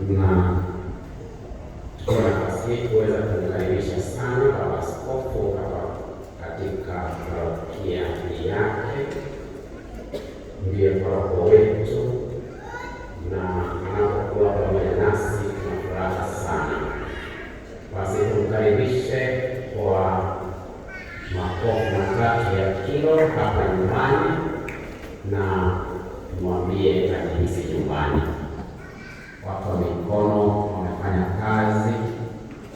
na chukua nafasi hii kuweza kumkaribisha sana baba askofu hapa katika parokia yake, ndiye paroko wetu, na anapokuwa pamoja nasi tuna furaha sana. Basi tumkaribishe kwa makofi matatu ya kilo hapa nyumbani na tumwambie kazi nyumbani watu wa mikono wamefanya kazi,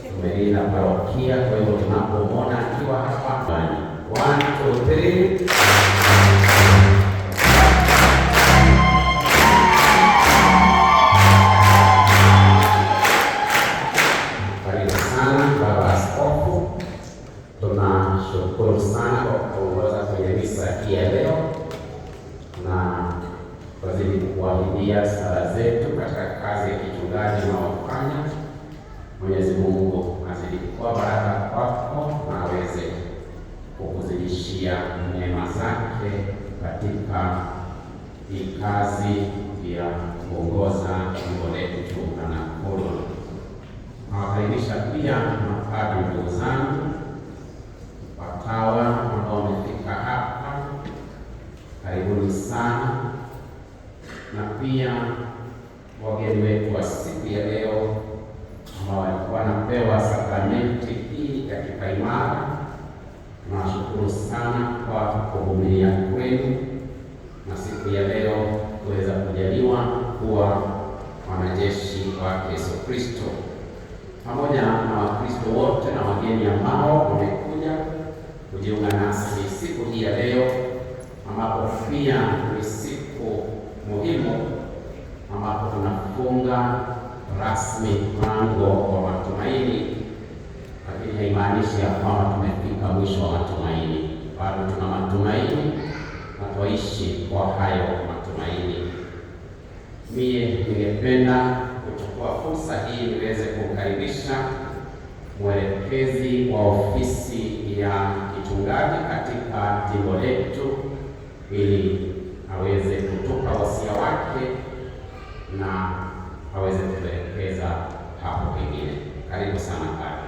tumelinda parokia. Kwa hiyo tunapomwona akiwa hapa one two three tunashukuru sana kwa kuongoza kushuhudia sala zetu katika kazi ya kichungaji unaofanya. Mwenyezi Mungu azidi kuwa baraka kwako na aweze kukuzidishia neema zake katika hii kazi ya kuongoza jimbo letu la Nakuru. Nawakaribisha pia mapadri, ndugu zangu, watawa ambao wamefika hapa, karibuni sana na pia wageni wetu wa siku ya leo ambao walikuwa wanapewa sakramenti hii ya kipaimara, Tunawashukuru sana kwa kuvumilia kwenu na siku ya leo kuweza kujaliwa kuwa wanajeshi wa Yesu Kristo, pamoja na Wakristo wote na wageni ambao wamekuja kujiunga nasi siku hii ya leo, ambapo pia ni siku ambapo tunafunga rasmi mlango wa matumaini, lakini haimaanishi ya kwamba tumefika mwisho wa matumaini. Bado tuna matumaini na twaishi kwa hayo matumaini. Mie ningependa kuchukua fursa hii niweze kukaribisha mwelekezi wa ofisi ya kichungaji katika jimbo letu ili aweze kutupa wasia wake na aweze kuelekeza hapo pengine. Karibu sana.